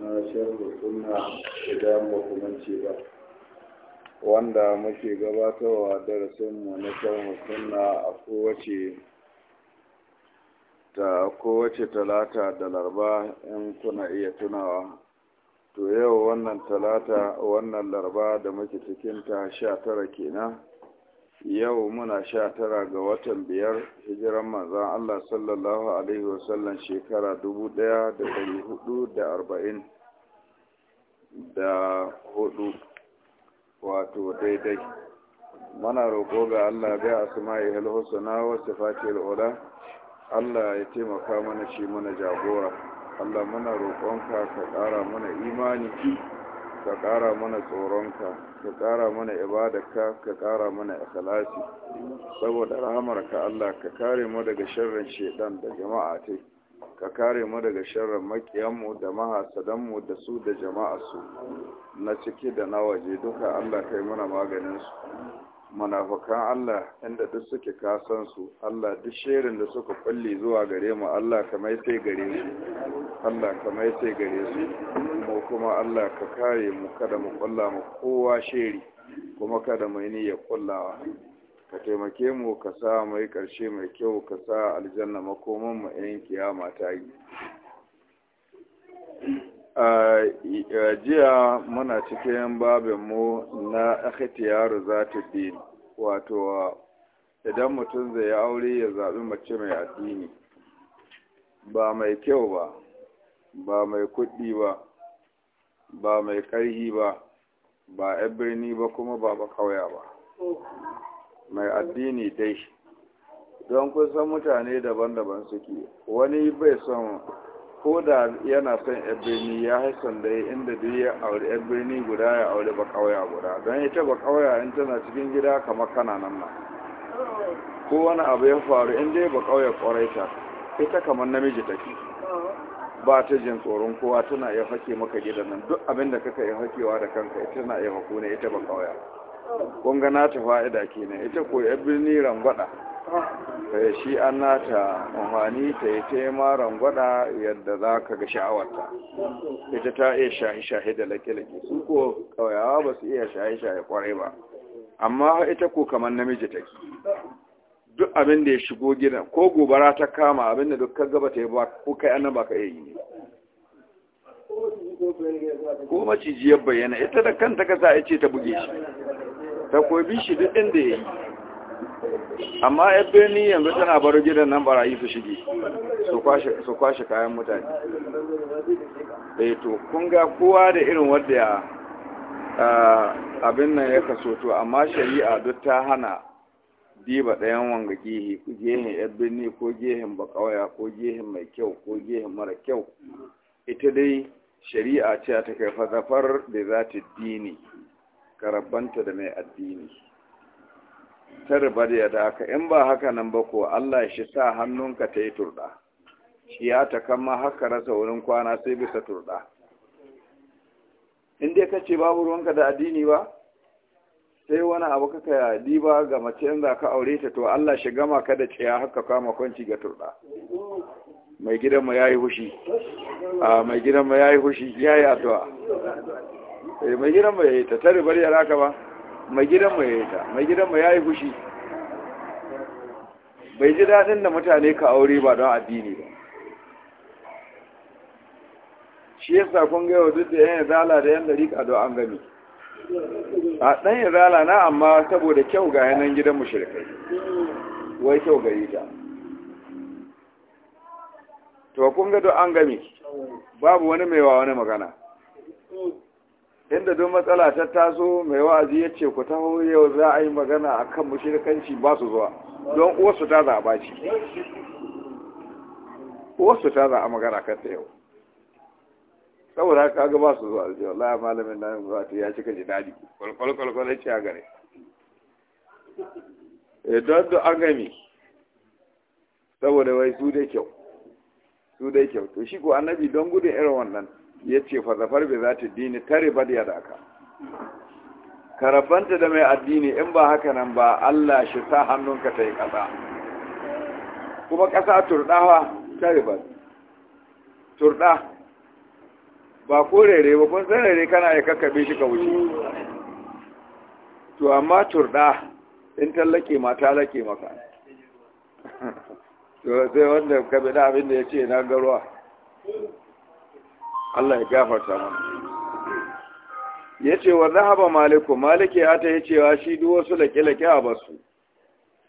na sharhu sunna idan ba ba wanda muke gabatarwa darasinmu na sharhu sunna a kowace ta kowace talata da larba in kuna iya tunawa to yau wannan talata wannan larba da muke cikinta sha tara kenan yau muna sha tara ga watan biyar hijiran maza Allah sallallahu Alaihi wasallam shekara dubu ɗaya da dari hudu da arba'in da hudu wato daidai mana roƙo ga Allah bai asma'i husna wa sifatil ula Allah ya taimaka mana shi mana jagora Allah muna roƙonka ka ƙara mana imani ka ƙara mana tsoronka ka ƙara mana ibadarka ka ƙara mana ikhlasi saboda rahamarka Allah ka kare mu daga sharrin shedan da jama'a tai ka kare mu daga sharrin makiyanmu da mahasadanmu da su da jama'a su na ciki da na waje duka Allah kai mana maganin su manafakan Allah inda duk suke kasan su Allah duk sherin da suka kulli zuwa gare mu Allah ka mai sai gare su Allah ka mai sai gare su mu kuma Allah ka kare mu kada mu kulla mu kowa sheri kuma kada mu ni ya kullawa ka taimake mu ka sa mai karshe mai kyau ka sa aljanna makoman mu yan kiyama ta yi A jiya muna cikin babinmu na za zata din wato idan mutum zai yi aure ya zaɓi mace mai addini ba mai kyau ba ba mai kuɗi ba ba mai ƙarhi ba ba 'yan birni ba kuma ba ba kauya ba mai addini dai don kusan mutane daban-daban suke wani bai son ko da yana son yan birni ya haisan da inda da ya aure yan birni guda ya aure ba kawaya guda don ita ba kawaya in tana cikin gida kamar kana nan nan ko wani abu ya faru in dai ba kawaya kwarai ta ita kamar namiji take ba ta jin tsoron kowa tana iya hake maka gidan nan duk abin da kaka iya hakewa da kanka ita na iya hako ne ita ba kawaya kun ga ta fa'ida kenan ita ko yan birni rambada Eh, shi an nata amfani ta yi ta yi maron gwada yadda za ka ga sha'awarta ita ta iya shahi-shahi da laƙe-laƙe, su ko ƙauyawa ba su iya shahi-shahi ƙwarai ba amma ita ko kamar namiji ta ki duk abin da ya shigo gina ko gobara ta kama abin da duk gaba ta yi ba ko kai annan ba ka iya yi ko macijiyar bayyana ita da kanta ka sa ce ta buge shi ta koyi shi duk inda ya yi amma yan birni yanzu tana bar gidan nan barayi su shige su kwashe kayan mutane eh to kun ga kowa da irin wanda ya abin nan ya kaso to amma shari'a duk ta hana diba ɗayan wanga gehen yan birni ko gehen bakawaya ko gehen mai kyau ko gehen mara kyau ita dai shari'a ce ta kai fazafar da za ta dini karabanta da mai addini ta riba da yadda haka in ba haka nan ba ko Allah shi sa hannunka ta yi turɗa shi ya ta kama haka rasa wurin kwana sai bisa turɗa in dai ka ce babu ruwanka da addini ba sai wani abu kaka diba ga mace in ka aure ta to Allah shi gama ka da ciya haka kama kwanci ga turɗa mai gidanmu ya yi hushi a mai gidanmu ya yi hushi ya yi addu'a eh, mai gidanmu ya yi ta tare bari ya raka ba mai gidan mai yi mai gidan ya yi fushi bai ji daɗin da mutane ka aure ba don addini ba shi yasa kun gaiwa duk da yan zala da yan dariƙa don an gami a ɗan yin zala na amma saboda kyau ga yanan gidan mushrikai wai kyau ga ta to kun ga don an gami babu wani mai wa wani magana inda duk matsala ta taso mai wa'azi ya ce ku taho yau za a yi magana a kan mashirkanci ba su zuwa don wasu ta ba ce wasu ta a magana kan ta yau saboda haka ga ba su zuwa aljiya laya malamin nan ba ta ya cika ji dadi kwalkwalkwalkwal ya ce a gare eh, don da an gami saboda wai su dai kyau su dai kyau to shi ko annabi don gudun irin wannan ya ce fasafar bai za ta dini tare ba da yada ka karabanta da mai addini in ba haka nan ba Allah shi sa hannunka ta yi ƙasa kuma ƙasa turɗawa tare ba turɗa ba ko rere ba kun san rere kana ya kakkabe shi ka wuce to amma turɗa in tallake ma ta lake maka to sai wanda kabe da abin da ya ce na garuwa Allah ya gafarta mana yace wa zahaba maliku maliki ya ta wa shi duk wasu lake-lake a basu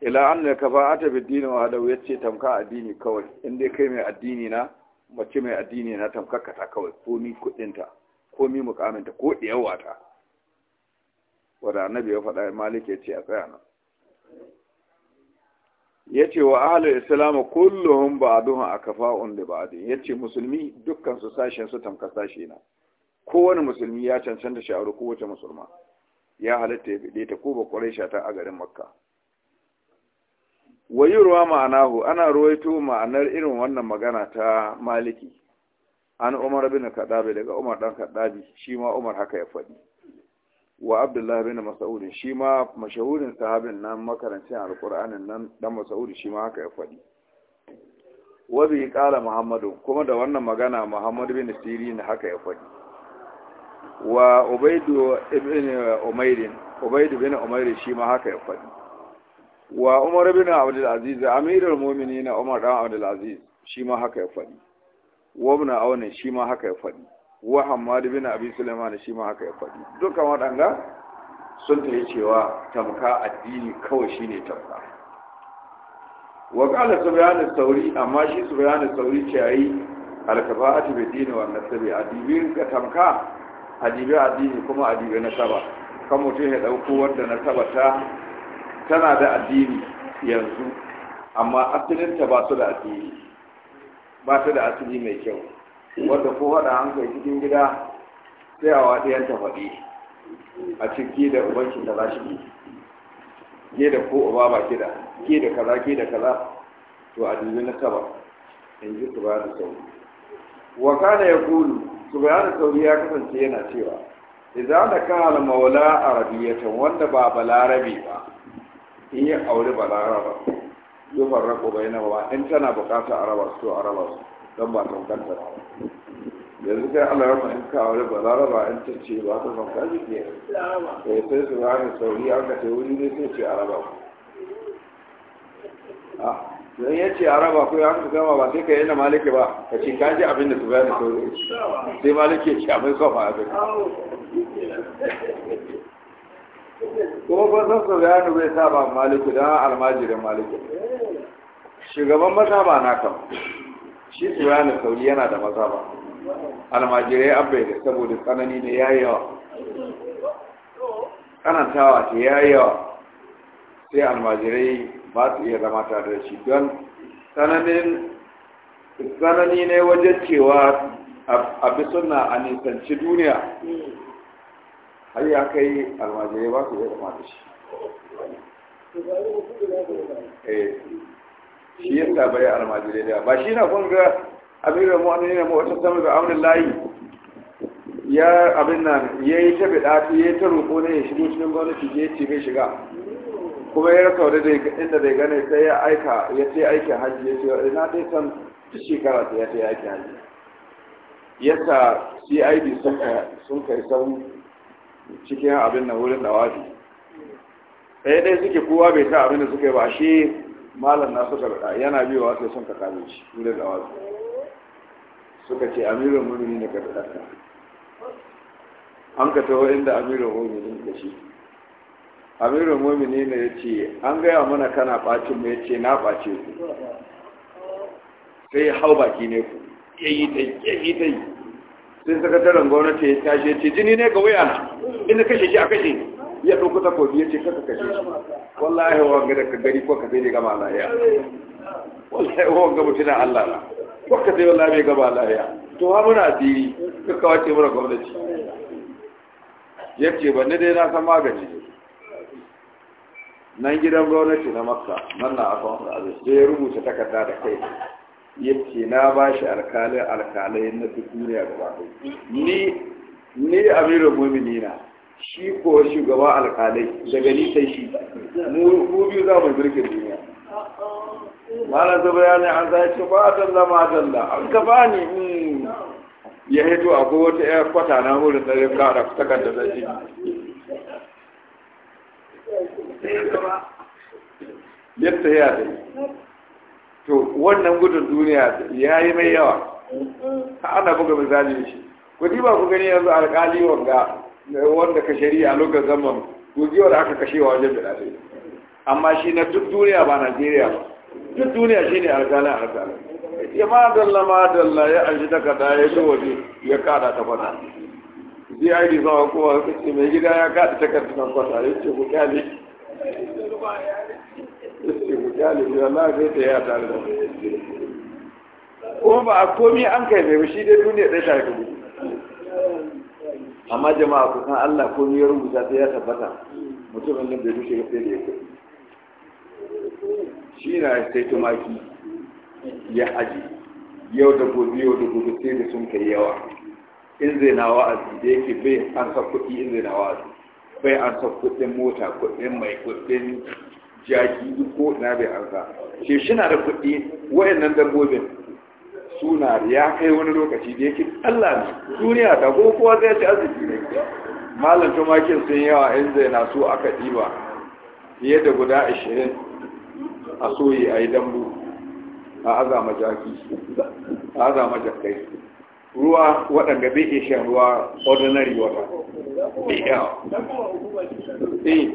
ila anna kafa'ata bid-din wa da yace tamka addini kawai in dai kai mai addini na mace mai addini na tamkaka ta kawai komi kudinta komi mukaminta ko diyawata da annabi ya faɗa maliki yace a tsaya nan ya ce wa ahalar islamu kulluhun ba a duhun a kafa'un da ba ya ce musulmi dukkan su sashen su tamka sashe na kowane musulmi ya cancanta sha'aru kowace musulma ya halatta ya fide ta ko ba kwarai shata a garin makka wayi ruwa ma'anahu ana ruwaito ma'anar irin wannan magana ta maliki an umar bin kadabi daga umar dan kadabi shi ma umar haka ya faɗi wa abdullahi bin mas'ud shi ma mashahurin sahabin nan makarancin alqur'anin nan dan mas'ud shi ma haka ya faɗi wa bi qala muhammadu kuma da wannan magana muhammad bin sirin haka ya faɗi wa ubaydu ibn umayr ubaydu bin umayr shi ma haka ya faɗi wa umar bin abdul aziz amirul mu'minin umar dan abdul aziz shi ma haka ya faɗi wa ibn aun shi ma haka ya faɗi wa Hammadu bin Abi Sulaiman shi ma haka ya faɗi duka waɗanga sun yi cewa tamka addini kawai shine tamka wa qala subhan as-sauri amma shi su as-sauri ce yayi al-kafa'atu bi dini wa nasabi adibin ka tamka adibi addini kuma adibi nasaba kan mutum ya dauko wanda nasaba ta tana da addini yanzu amma asalinta ba su da addini ba su da asali mai kyau wadda ko hada an kai cikin gida sai a waɗiyar ta faɗi a ciki da ubanki ta za shi ke da ko uba ba ke da ke da kaza ke da kaza to a dubi na saba in ji su bayan sauri wa kana ya kulu su bayan sauri ya kasance yana cewa idan da kana maula arabiyatan wanda ba Balarabi ba in yi aure balaraba yufar rako bai na ba in tana bukata a su a su don ba saukanta ba yanzu kai Allah ya fahimta ka aure ba laraba in ta ce ba ta son ba. ne eh sai su gane sauri an ka ce wuri ne sai ce araba ku a ah, don ya ce araba ku ya ka gama ba sai ka yi na maliki ba ka ce ka ji abin da su bayar da sauri sai maliki ya a mai kofa abin kuma kun san su bayanu bai saba maliki don almajirin maliki shugaban maza ba na kan shi tsibanin sauri yana da maza ba almajirai abai da saboda tsanani ne ya yawa tsanantawa ce ya yawa sai almajirai ba su iya zama tare da shi don tsanani ne wajen cewa a bi suna a nisanci duniya har ya kai almajirai ba su iya zama da shi eh. shi ya sa bai almajirai da ba shi na kunga ga amirin mu'amini na mawata sami ga aunin layi ya abin nan ya yi ta su ya yi ta roƙo ne ya shigo cikin gwamnati ya ce mai shiga kuma ya rasa wani inda bai gane sai ya aika ya ce aikin hajji ya ce wa ina dai san shekara ta ya ce aikin hajji yasa cid sun kai sau cikin abin nan wurin wafi ɗaya ɗaya suke kowa bai ta abin da suka yi ba shi malam na suka rada yana biyowa sai son ka kame shi inda da wasu suka ce amirin mumini ne ka da ka an ka taho inda amirin mumini da shi amirin mumini ne ya ce an gaya mana kana ɓacin mu ya ce na ɓace ku sai hau baki ne ku yayi dai yayi dai sai sakataren gwamnati ya tashi ya ce jini ne ga wuya na inda kashe shi a kashe ya ɗauko takobi ya ce kaka kashe shi wallahi wanga da daga gari ko ka sai ne gama lahiya wallahi mutu na Allah na ko ka sai wallahi bai gama lahiya to ha muna asiri ka ce mura gwamnati ya ce ban dai na san magani nan gidan gwamnati na makka nan na akwai abu sai ya rubuta takarda da kai ce na ba shi alkalai alkalai na duniya gaba ni ni amirul mu'minina shi ko shugaba alkalai daga ni sai shi mu biyu za mu zirkin duniya malam ya ne an zai ce ba dalla ma dalla an ka ni? Hmm. ya hito akwai wata yar kwata na hurin da ya fara takar da shi yadda ya da to wannan gudun duniya ya yi mai yawa ana buga misali shi ku ba ku gani yanzu alkali wanga wanda ka shari'a lokacin zaman gugiyar aka kashewa wajen bida amma shi na duk duniya ba najeriya ba duk duniya shi ne alkalin alkali ya ma dalla ma dalla ya an shi daga da ya waje ya kada ta fata zai aiki sama kowa suka ce mai gida ya kada ta karfi nan kwata ya ce ku kyale ya ce ku ya na ta ya tare da kuma ba a komi an kai mai shi dai duniya ɗaya ta yi amma jama'a ku san Allah ko ya rubuta sai ya tabbata mutumin nan bai rushe sai da ya kai shi na sai tumaki ya aji yau da gobe yau da gobe sai da sun kai yawa in zai na wa'azi da yake bai an sa kuɗi in zai na wa'azi bai an sa kuɗin mota kuɗin mai kuɗin jaki ko na bai an sa shi shi na da kuɗi wa'annan dabbobin suna ya kai wani lokaci da yake Allah ne duniya ta ko kowa zai ci arziki ne malam tumakin sun yawa in zai na so aka ɗiba fiye da guda ashirin a soyi a yi dambu a azama jaki a azama jakai ruwa waɗanda bai iya shan ruwa ordinary water eh,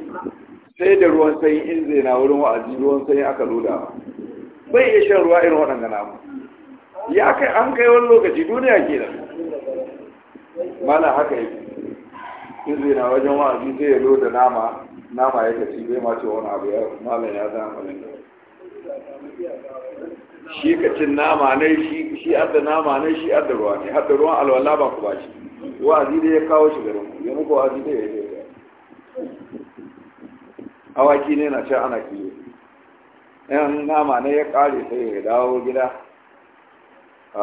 sai da ruwan sanyi in zai na wurin wa'azi ruwan sanyi aka loda bai iya shan ruwa irin waɗanda namu ya kai an kai wani lokaci duniya ke nan mana haka yake in zai na wajen wa'azi zai yalo da nama nama ya kaci bai ma ce wani abu ya malam ya zama malin shi kacin nama ne shi shi adda nama ne shi adda ruwa ne hadda ruwan alwala ba ku ba shi wa'azi dai ya kawo shi garin ya muku wa'azi dai ya yi awaki ne na ce ana kiyo yan nama ne ya kare sai ya dawo gida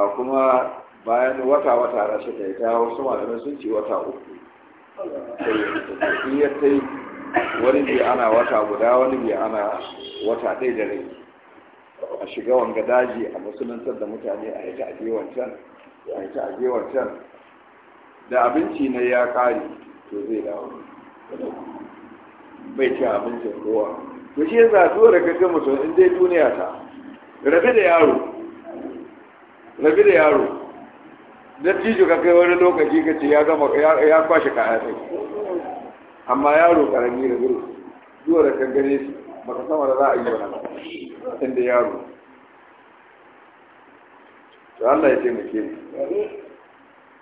kuma bayan wata-wata da ta yi ta wasu malamai sun ci wata uku in ya kai wani bai ana wata guda wani bai ana wata ɗai da rai a shiga wanga daji a musulunsar da mutane a yata aje wancan a yata aje wancan da abinci na ya kare to zai dawo bai ci abincin kowa to shi yasa dole ka ga mutum in dai duniya ta rabe da yaro rabi da yaro dattijo ka kai wani lokaci ka ce ya gama ya kwashe kaya sai amma yaro karami da zuru zuwa da kan gane shi baka sama da za a yi wa inda yaro to Allah ya taimake ni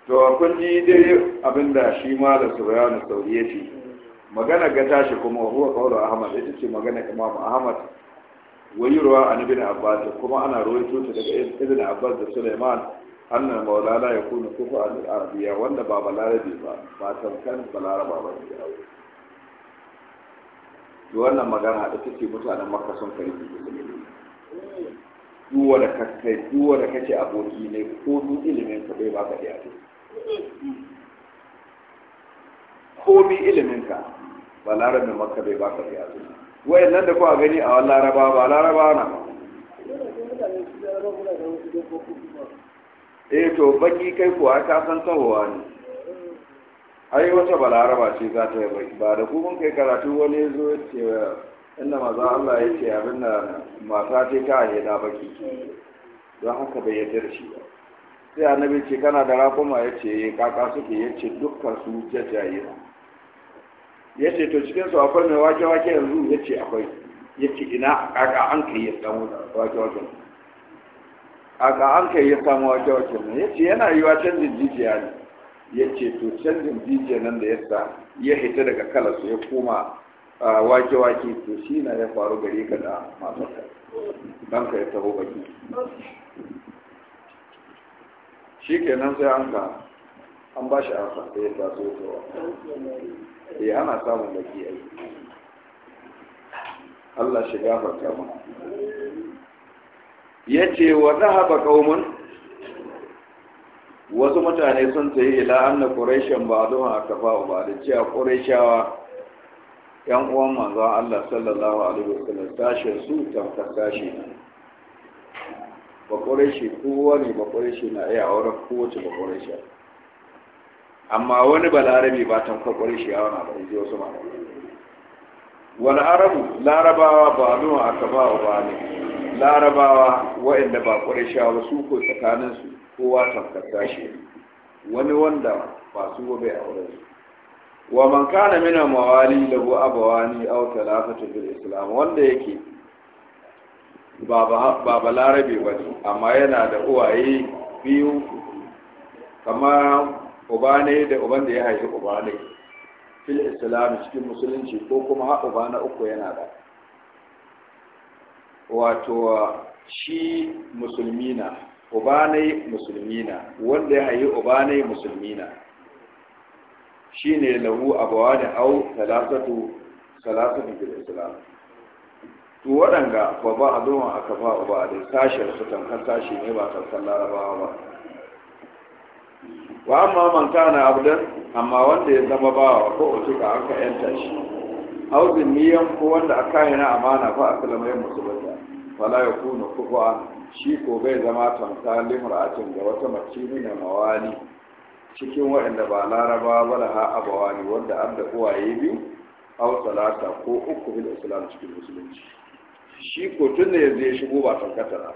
to kun ji dai abinda shi ma da Suryanu Sauri ya ce magana ga tashi kuma huwa da Ahmad ya ce magana Imam Ahmad wayurwa an ibn abbas kuma ana rawaito ta daga ibn abbas da sulaiman annan maulana ya kuna kufu a arabiya wanda ba Balarabi ba ba tamkan balaraba ba ne to wannan magana da take mutanen makka sun kai duwa da kakai duwa da kake aboki ne ko duk ilimin ka bai baka da yake ko bi ilimin ka balarabe makka bai baka da yake wayan nan da kuwa gani a laraba ba laraba na eh to baki kai kuwa ka san tsawowa ne ai wata ba laraba ce za ta yi ba da kuma kai karatu wani ya zo ce inda maza Allah ya ce abin da mata ce ta haida baki don haka bai yarda da shi ba sai annabi ce kana da rakuma ya ce eh, kaka suke ya ce dukkan su jajaye ya ce to cikin su akwai mai wake wake yanzu ya ce akwai ya ce ina kaka an kai ya samu wake wake kaka an kai ya samu wake wake ne ya ce yana yiwa canjin jijiya ne ya ce to canjin jijiya nan da ya sa ya hita daga kalasu ya koma wake wake to shi na ya faru gare ka da matarka don ka ya taho baki shi kenan sai an ka an ba shi a ya taso ta eh ana samun baki ai Allah shi gafarta mu yace wa zahaba kaumun wasu mutane sun tayi ila anna quraishan a akafa ba da cewa quraishawa yan uwan manzon Allah sallallahu alaihi wasallam tashi su ta tashi ba quraishi kowa ne ba quraishi na iya auren kowace ba quraishi amma wani balarabi ba tankwakwar shi yawa abu ba inji wasu ma wani arabu larabawa ba nuna aka ba wa ne larabawa wa'anda ba shi ba su ko tsakaninsu kowa tamkata shi wani wanda ba su gobe a su wa man kana mina mawali lahu abawani au talafatu bil islam wanda yake baba baba larabe ba amma yana da uwaye biyu kamar uba ne da uban da ya haifi uba ne fil islam cikin musulunci ko kuma ha uba na uku yana da wato shi musulmi na uba ne musulmi na wanda ya haifi uba ne musulmi na shine lahu abawa da au talatatu talatatu fil islam to waɗanga ba ba a zuwa aka ba uba da sashen su tamkar sashi ne ba tamkar larabawa ba wa amma man kana abdan amma wanda ya zama bawa ko ka aka yanta shi aw miyan, ko wanda aka na amana fa aslama ya musulunta fala yakunu kufa shi ko bai zama tamsa limra'atin ga wata mace ne mawali cikin waɗanda ba laraba ba da ha'abawa ne wanda an da uwaye biyu aw salata ko uku bil islam cikin musulunci shi ko tun da yanzu ya shigo ba tankata ba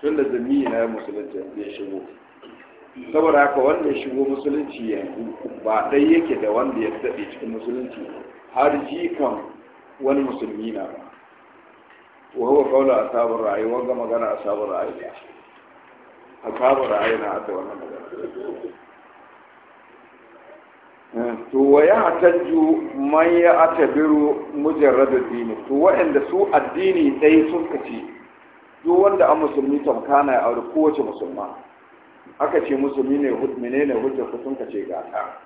tun da zammiyi na musulunci ya shigo saboda haka wanda ya shigo musulunci yanzu ba ɗai yake da wanda ya daɗe cikin musulunci har jikan wani musulmi na ba wa huwa a sabon ra'ayi, wanga magana ashabur a sabon ra'ayi na da wannan magana eh, to wa ya tajju man ya atabiru mujarrad ad-din to wa'anda su addini dai sun kace duk wanda an musulmi tamkana ya aure kowace musulma aka ce musu mene ne hujja ku sun kace gata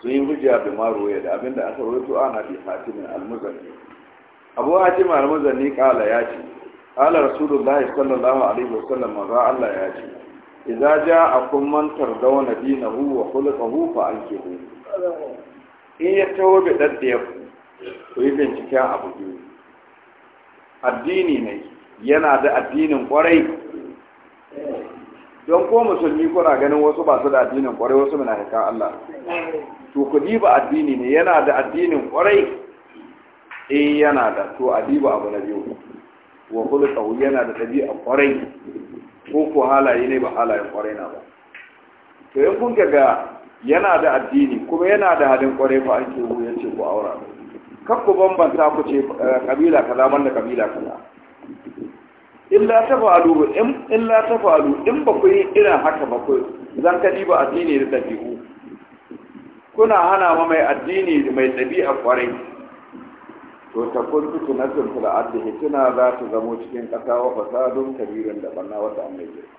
sun yi hujja da ya da abinda aka rawaito ana bi hatimin almuzanni abu hatim almuzanni kala ya ce kala rasulullahi sallallahu alaihi wasallam maza Allah ya ce idza da man dina hu wa hu fa ankihu in ya tawo bi daddiya ku yi binciken abu biyu addini ne yana da addinin kwarai don ko musulmi kuna ganin wasu ba su da addinin kwarai wasu muna haka Allah to ku diba addini ne yana da addinin kwarai eh yana da to a diba abu na biyu wa khuluqahu yana da tabi'a kwarai ko ko halaye ne ba halayen kwarai na ba to in kun ga yana da addini kuma yana da halin kwarai fa ake hu yace ku aura kar ku bambanta ku ce eh, kabila kaza banda kabila kaza illa ta fa'alu in la ta fa'alu in ba ku yi irin haka ba ku zan kadi ba addini da dabi'u kuna hana ma mai addini mai dabi'a kwarai to ta kun tutu na sun fil za ta zamo cikin kasa wa fasadun kabirin da banna wata mai girma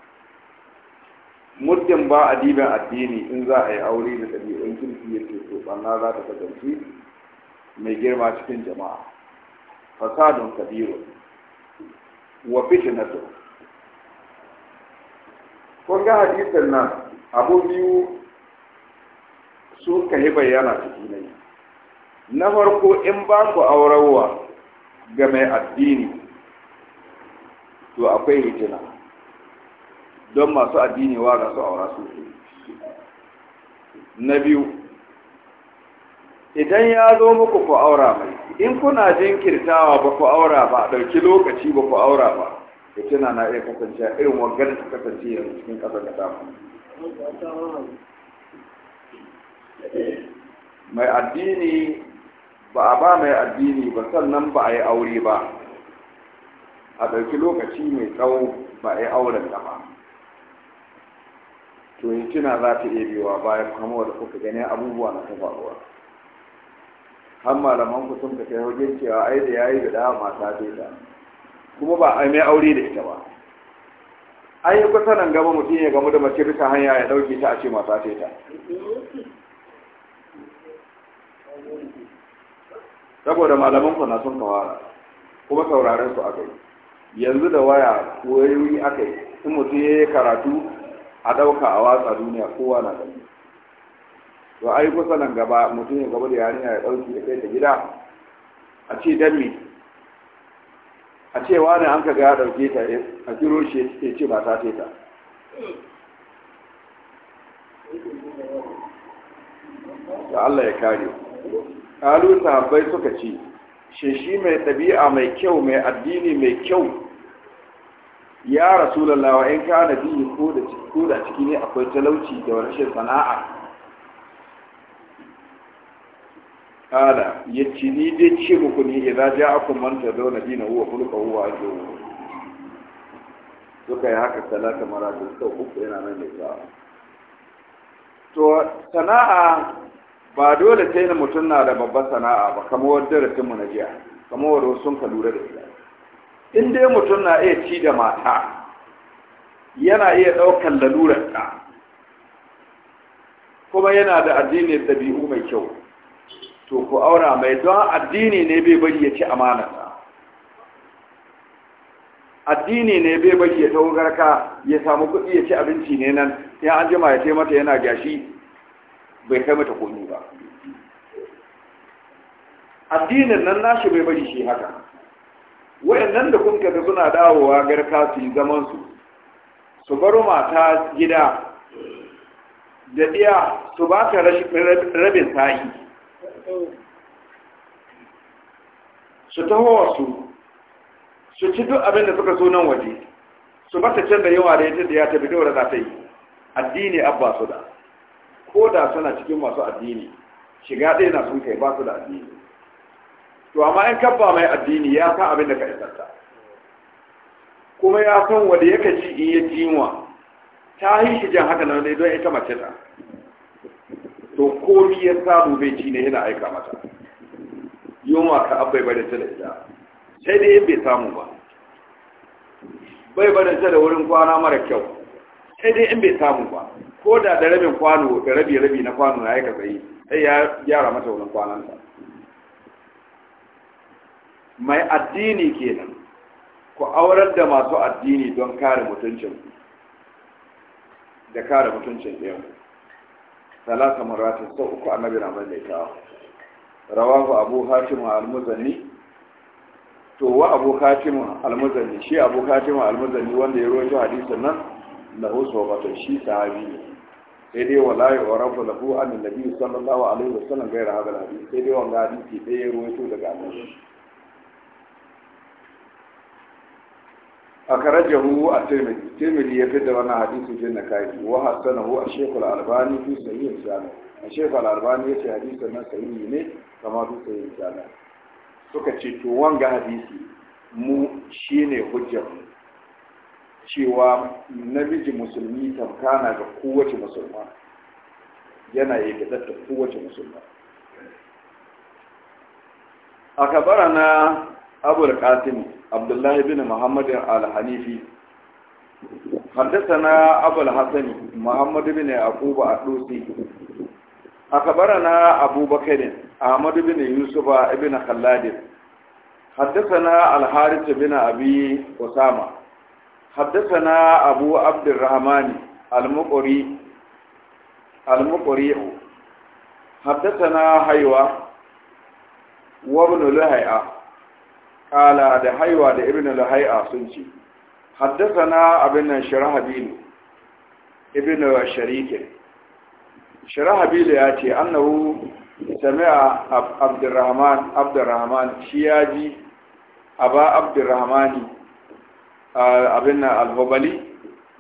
muddin ba adibin addini in za a yi aure da dabi'un kirki yake to banna za ta kasance mai girma cikin jama'a fasadun kabirin wa fitnatu kun ga hadisin nan abu biyu sun kai bayyana ciki ne na farko in ba ku aurarwa ga mai addini to akwai hitina don masu addini wa ga su aura su na biyu idan ya zo muku ku aura mai in kuna jinkirtawa ba ku aura ba ɗauki lokaci ba ku aura ba ka tana na iya kasance irin wangar ta kasance yanzu cikin ƙasar da dama mai addini ba a ba mai addini ba sannan ba a yi aure ba a ɗauki lokaci mai tsawo ba a yi auren da ba to yi tuna za ta iya baya kamar da kuka gani abubuwa na ta faruwa har malaman ku sun kai wajen cewa ai da yayi da da mata dai ta kuma ba ai mai aure da ita ba ai yi sanan gaba mutum ya gamu da mace bisa hanya ya dauke ta a ce mata ta ta saboda malaman ku na sun kawara kuma sauraren su akai, yanzu da waya ko aka akai, in mutum ya yi karatu a dauka a watsa duniya kowa na gani to ai kusa nan gaba mutum ya gaba da yarinya ya ɗauki da kai ta gida a ce dan me a ce wani an ka ga ya ɗauke ta eh, a kiro shi ya ce ba ta ta da Allah ya kare kalu sahabbai suka ce shi shi mai ɗabi'a mai kyau mai addini mai kyau ya rasulullahi in kana bihi ko da ko da ciki ne akwai talauci da rashin sana'a kala ya ci ni dai ce muku ni idan ja aku manta zauna dina huwa kulka huwa ajo suka yi haka talata maratu sau uku yana nan da ita to sana'a ba dole sai na mutum na da babbar sana'a ba kamar wadda rasin mu na jiya kamar wadda sun ka lura da ita in dai mutum na iya ci da mata yana iya ɗaukar lalurar ta kuma yana da addinin ɗabi'u mai kyau to ku aura mai don addini ne bai bari ya ci addini ne bai bari ya tawo ya samu kuɗi ya ci abinci ne nan ya an jima ya ce mata yana gashi bai kai mata kuɗi ba addinin nan nashi bai bari shi haka wayannan da kun kaga suna dawowa garka su yi zaman su su mata gida da iya su ba ta rabin sa'i su taho wasu su ci duk abin da suka so nan waje su mata can da yawa da yadda ya tafi dora za ta yi addini abba su da ko da suna cikin masu addini shiga ɗaya na sun kai ba su da addini to amma in kabba mai addini ya san abin da ka isarta kuma ya san wanda ya kaci in ya jiwa ta yi shi jan haka nan dai don ita mace ta to ko ni ya samu bai ci ne yana aika mata Yoma ka abai bada ta da ita sai dai bai samu ba bai bada ta da wurin kwana mara kyau sai dai in bai samu ba ko da da rabin kwano da rabi rabi na kwano na aika tsaye sai ya gyara mata wurin kwanan kwananta mai addini kenan ku aurar da masu addini don kare mutuncin da kare mutuncin ɗayan ثلاث مرات sau uku annabi na maimaitawa rawahu abu hatim al-muzanni to abu hatim al-muzanni shi abu hatim al-muzanni wanda ya rawaito hadisin nan lahu sawbatan shi sahabi ne sai dai wala ya warafa lahu an nabi sallallahu alaihi wasallam gaira hadal hadisi sai dai wanga daga a karajahu a tirmidhi tirmidhi ya fitar da wannan hadisi fi nakahi wa hasanahu a shekul albani fi sahih jami a shekul albani ya ce hadisin nan ne kama fi sahih jami suka ce to wanga hadisi mu shine hujjar cewa namiji musulmi tamkana ga kowace musulma yana yi da kowace musulma أخبرنا أبو القاسم عبد الله بن محمد الحنيفي حدثنا أبو الحسن محمد بن يعقوب الدوسي أخبرنا أبو بكر أحمد بن يوسف بن خلاد حدثنا الحارث بن أبي أسامة حدثنا أبو عبد الرحمن المقري المقري حدثنا حيوة وابن لهيئة kala da haiwa da ibn al-hay'a sun ce haddathana abin nan sharahabil ibn sharike sharahabil ya ce annahu sami'a abdurrahman abdurrahman shi ya ji aba abin al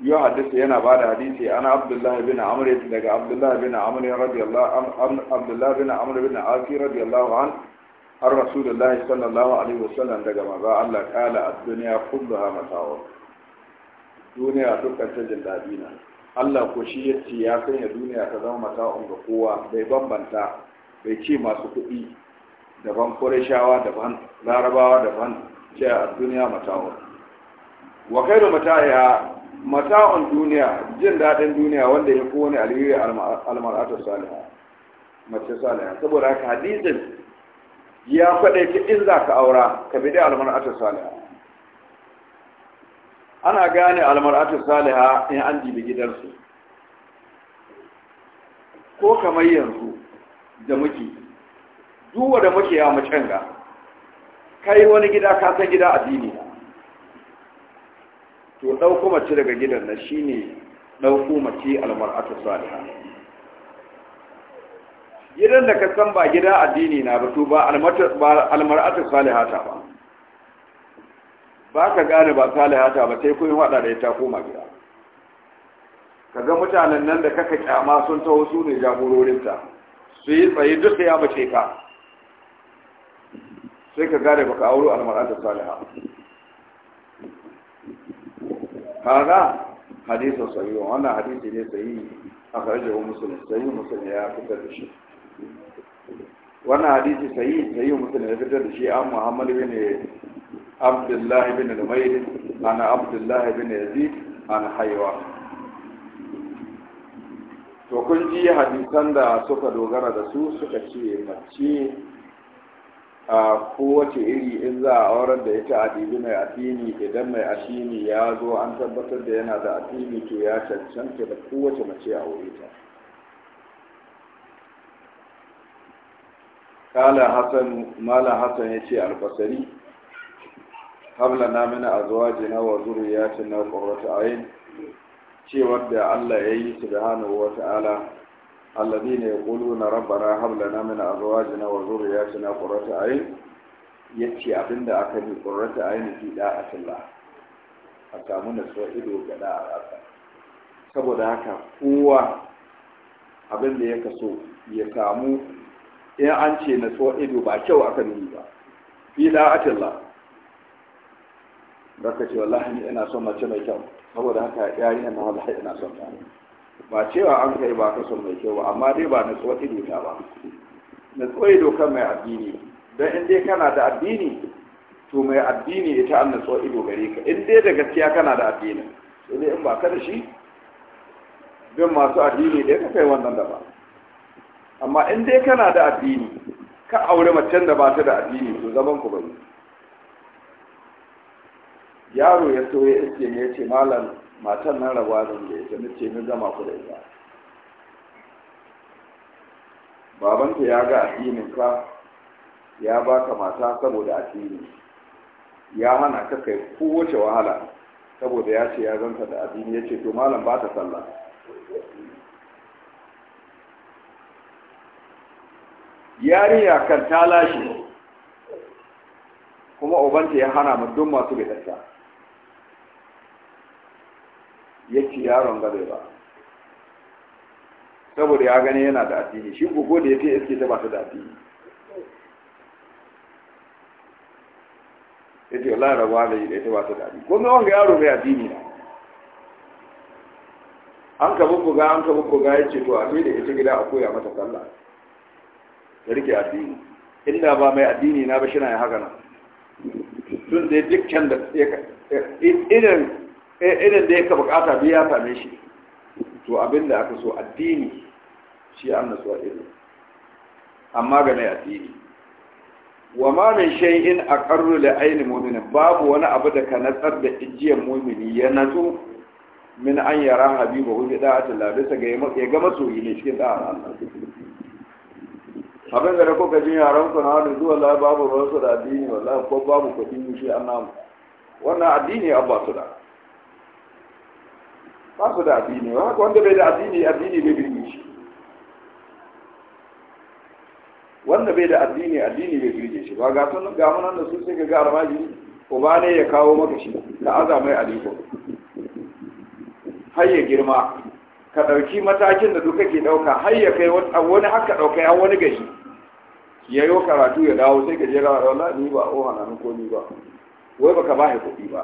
yau hadisi yana ba da hadisi ana abdullah bin amr daga abdullah bin amr radiyallahu an abdullah bin bin radiyallahu an har rasulullahi sallallahu alaihi wasallam daga maza Allah kala duniya dunya kulluha mata'un duniya dukkan ta jin daɗi na Allah ko shi ya ce ya sanya duniya ta zama mata'un ga kowa bai bambanta bai ce masu kuɗi daban Qurayshawa daban Larabawa daban ce a duniya mata'un wa kai khairu mataya mata'un duniya jin daɗin duniya wanda ya kowane alheri almar'atu salihah mace salihah saboda haka hadisin ya faɗa ki in za ka aura ka bi dai almar'atu saliha ana gane almar'atu saliha in an jibi gidansu ko kamar yanzu da muke duwa da muke ya macen ga kai wani gida ka san gida addini na to ɗauko mace daga gidan na shine ɗauko mace almar'atu saliha gidan da ka san ba gida addini na ba to ba almar'atu salihata ba ba ka gane ba salihata ba sai kun hada da ita koma gida kaga mutanen nan da kaka kyama sun taho su ne jagororinta su yi tsaye duk ya bace ka sai ka gane ba ka auro almar'atu saliha kaga hadisin sahihi wannan hadisi ne sahihi wa muslim sahihi muslim ya fitar da shi wannan hadisi sayi sayi mutum ya fitar da shi an muhammad bin abdullah bin numair ana abdullah bin yazid ana haywa to kun ji hadisan da suka dogara da su suka ce mace a kowace iri in za a aurar da ita adibi mai addini idan mai addini ya zo an tabbatar da yana da addini to ya cancanta da kowace mace a wurin ta kala hasan malam hasan ya ce albasari habla na mina a zuwa jina wa zuriyati na ƙwarata ayin cewar da allah ya yi su da hannu wa ta'ala allazi ne ƙulu na rabbana habla na mina a zuwa jina wa zuriyati na ƙwarata ayin ya ce abinda aka yi ƙwarata ayin fi da'atullah a samu nasuwa ido gada a da'a saboda haka kowa abinda ya kaso ya samu in an ce na so ido ba kyau aka yi ba fi da da'atillah baka ce wallahi ni ina son mace mai kyau saboda haka yayi na wallahi ina son ta ba cewa an kai ba ka son mai kyau ba amma dai ba na so ido ta ba na so ido kan mai addini dan in dai kana da addini to mai addini ita an na so ido gare ka in dai da gaskiya kana da addini sai dai in ba ka da shi bin masu addini dai ka kai wannan da ba amma in dai kana da addini ka aure macen da ba ta da addini to zaman ku bane yaro ya so ya iske ne ya ce malam matan nan rabuwa da ita ce ni gama ku da ita babanta ya ga addinin ka ya baka mata saboda addini ya hana ka kai kowace wahala saboda ya ce ya zanta da addini ya ce to malam ba ta sallah yariya kan ta lashe kuma ubanta ya hana mu duk masu bidarta ya ci yaron gabe ba saboda ya gani yana da addini shi gogo da ya ce iske ta ba ta da addini ya ce wallahi rabuwa da ita ba ta da addini ko wanga yaro mai addini na an ka ga an ka bubbuga ya ce to a da ita gida a koya mata sallah ya rike addini inda ba mai addini na ba shi na ya haka nan tun da dukkan da irin eh, irin da ka bukata biya same shi to abin da aka so addini shi an nasuwa irin amma ga mai addini wa ma min shay'in aqarru li ayni mu'minin babu wani abu da ka natsar da ijiyar mu'mini ya natsu min an yara habibu bi da'atillah bisa ga ya ga masoyi ne cikin da'ar Allah abin da kuka jin yaran ku na wani zuwa lai babu ruwansu da addini wallahi ko babu kuɗi mushi an namu wannan addini an ba su da ba su da addini ba haka wanda bai da addini addini bai birge shi wanda bai da addini addini bai birge shi ba ga sun ga munan da su sai ga almajiri uba ne ya kawo maka shi ka aza mai aliko har ya girma ka ɗauki matakin da duka ke ɗauka har ya kai wani haka ɗauka ya wani gashi ya yi karatu ya dawo sai ka je rawa wala ni ba o hana ni ba wai baka ba kuɗi ba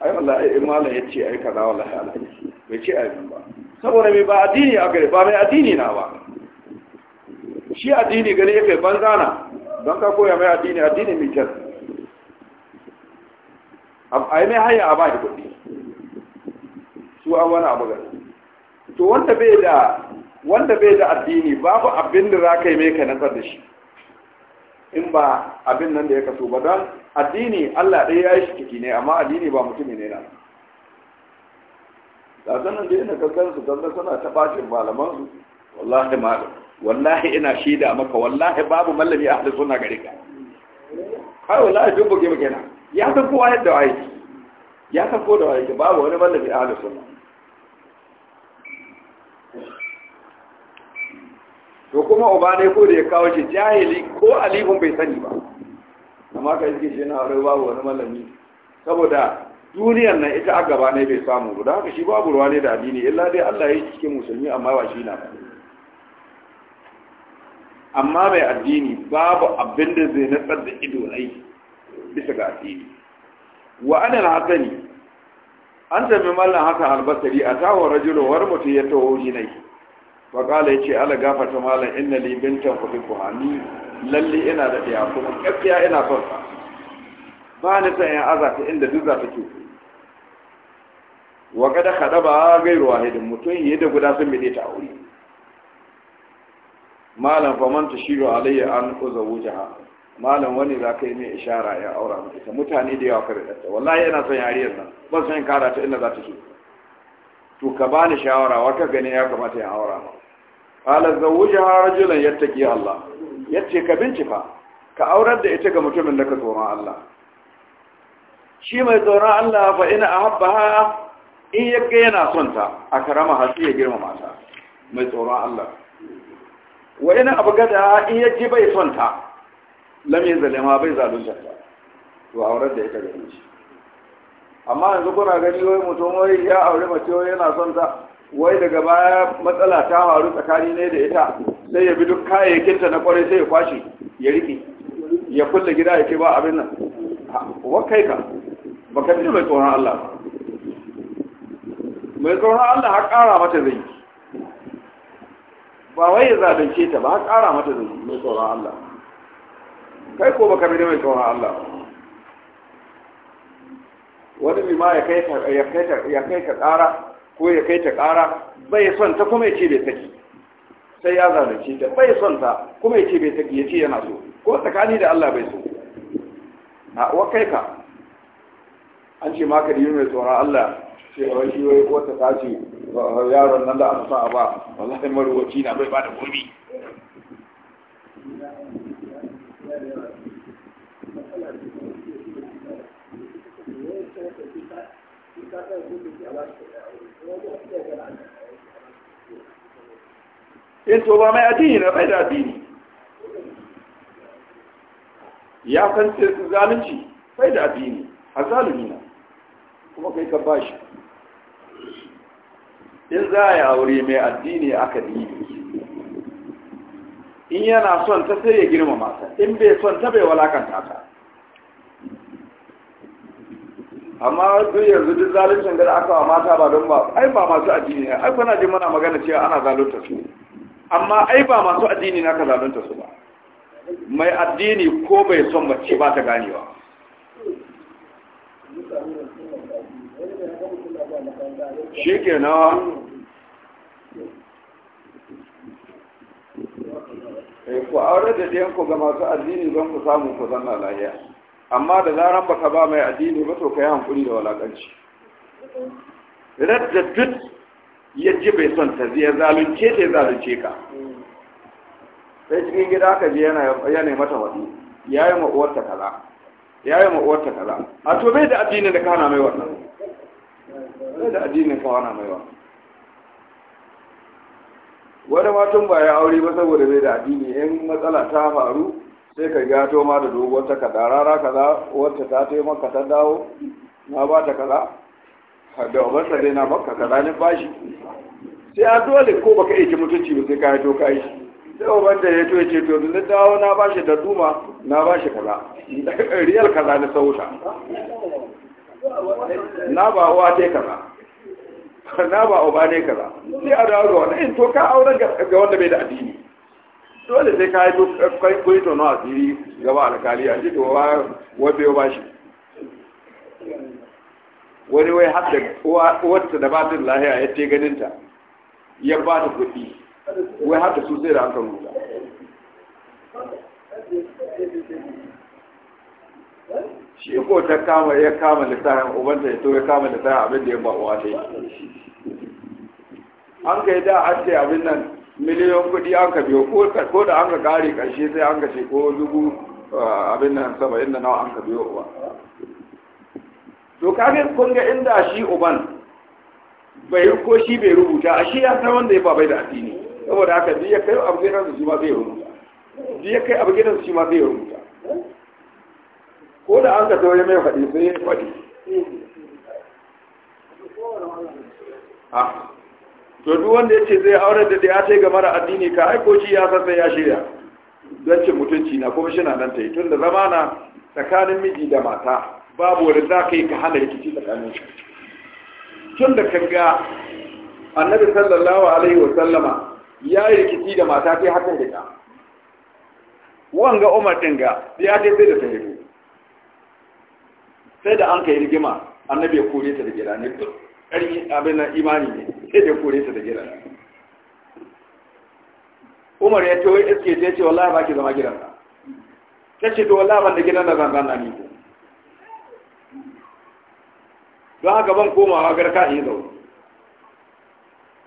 ai wallahi in malam ya ce ai kaza wallahi alhaji bai ce ai ba saboda mai ba addini a gare ba mai addini na ba shi addini gani yake banza na don ka koya mai addini addini mai kyau a yi mai haya a ba da kuɗi su an wani abu gari to wanda bai da wanda bai da addini babu abin da za ka yi mai ka nasar da shi in ba abin nan da ya kaso ba don addini Allah ɗaya ya yi shi ciki ne amma addini ba mutumi ne nan da sanan da ina gaggar su gaggar suna ta bacin malaman su wallahi malam wallahi ina shida maka wallahi babu mallami a halittu suna gari ka kai wallahi duk buge buge na ya san kowa yadda wa yake ya san ko da wa yake babu wani mallami a halittu suna to kuma uba ne ko da ya kawo shi jahili ko alifin bai sani ba amma ka yi shi na aure babu wani malami saboda duniyar nan ita a gaba ne bai samu da haka shi babu ruwa ne da addini illa dai Allah ya yi cikin musulmi amma ba shi na amma mai addini babu abin da zai nasar da ido nai bisa ga addini wa anan hasani an tambayi mallan hasan albasari a tawon rajulun war mutum ya taho shi nai faƙala ya ce ala gafata malam inna li bintan kuɗi ni lalle ina da ɗaya kuma gaskiya ina son sa ba ni san yan aza ta inda duk za ta ke wa kada kada ba gairu wahidin mutum yi da guda sun bide ta aure malam fa man tashiru alayya an uzawujaha malam wani za ka yi mai ishara ya aura mata ta mutane da yawa kare ɗanta. wallahi yana son yariyar nan ban san kara ta inda za ta ke to ka bani shawara wata gani ya kamata ya aura mata qala zawwajaha rajulan yattaqi Allah yace ka bincika ka aurar da ita ga mutumin da ka tsoron Allah shi mai tsoron Allah fa ina a ahabbaha in yadda yana sonta a karama har ya girmama ta mai tsoron Allah wa ina abu gada in yaji bai sonta, ta lam yazalima bai zalunta ta to aurar da ita ga shi amma yanzu kuna gani wai mutum wai ya aure mace wai yana sonta. wai daga baya matsala ta faru tsakani ne da ita sai ya bi duk kayayyakinta na kwarai sai ya kwashe ya riƙe ya kulle gida ya ce ba abin nan wakai ka ba ka fi mai tsoron Allah ba mai tsoron Allah har ƙara mata zai ba wai ya zalunce ta ba har ƙara mata zai mai tsoron Allah kai ko ba ka fi mai tsoron Allah wani mima ya kai ka tsara. ko ya kai ta ƙara bai son ta kuma ya ce bai saki sai ya zalunci ta bai son ta kuma ya ce bai saki ya ce yana so ko tsakani da Allah bai so na uwar kai ka an ce maka da mai Allah ce a wani wai ko ta ce yaron nan da aka sa a ba wallahi maruwaci na bai ba da gobe Thank you. in eh, to ba mai addini na bai da addini ya san zalunci bai da addini a zalumi na kuma kai ka ba shi in za a yi aure mai addini aka dini in yana son ta sai ya girma masa, in bai son ta bai walakanta ta amma duk yanzu duk zaluncin da aka wa mata ba don ba ai ba masu addini ne ai kuna ji mana magana cewa ana zalunta su amma ai ba masu addini na ka zalunta su ba mai addini ko bai son mace ba ta ganewa shi ke nawa eh, ku aure da ɗiyanku ga masu addini don ku samu ku zanna lahiya amma da zaran baka ba mai addini ba to kai hankuri da walakanci radda duk ya bai son ta zai zalunce ta zalunce ka sai cikin gida ka je yana yana mata wadi yayi ma uwarta kaza yayi ma uwarta kaza a to bai da addini da kana mai wannan bai da addinin ka wannan mai wannan wani matun ba ya aure ba saboda bai da addini in matsala ta faru sai ka gato ma da doguwar takarda rara kaza wacce ta taimaka ta dawo na ba ta kaza da ubansa dai na baka kaza ne bashi sai a dole ko baka iya mutunci ba sai ka haito ka yi sai ubanta ya to ya ce to da dawo na bashi da duma na bashi kaza riyal kaza na sauta na ba wa dai kaza na ba uba ne kaza sai a dawo da wani in to ka auren ga wanda bai da addini dole sai ka yi kwai eh, tono a fili gaba alkali a cikin wabe ba shi wani wai hadda wata da batin lahiya ya ce ganinta ya ba ta kuɗi wai hadda su sai da hankali rubuta shi ko ta kama ya kama littafin ubanta ya to ya kama littafin abin da ya ba uwa ta yi an kai da an ce abin nan miliyon kuɗi an ka biyo ko da an ka kare ƙarshe sai an ka ce ko dubu ah, abin nan saba inda nawa an ka biyo uba to kage kun ga inda shi uban bai ko shi bai rubuta a shi ya san wanda ya babai da addini saboda haka duk ya kai abu gidan su ma zai rubuta duk ya kai abu gidan su ma zai rubuta ko da an ka ya mai faɗi sai faɗi to duk wanda ya ce zai aure da ya ta yi ga mara addini ka aiko shi ya san sai ya shirya don ce mutunci na kuma shi na nan ta yi tun da zamana tsakanin miji da mata babu wani za ka yi ka hana rikici tsakanin shi tun da kan ga annabi sallallahu alaihi wa sallama ya yi rikici da mata ta yi hakan da ta wanga umar ɗin ga ya ce sai da ta hito sai da an kai rigima annabi ya kore ta da gida ne ƙarfi abin imani ne sai da kore ta da gidan umar ya tawo iske ta ce wallahi ba ki zama gidan na ta ce to wallahi ban da gidan na zanzan na niko don haka ban komawa garka in zaune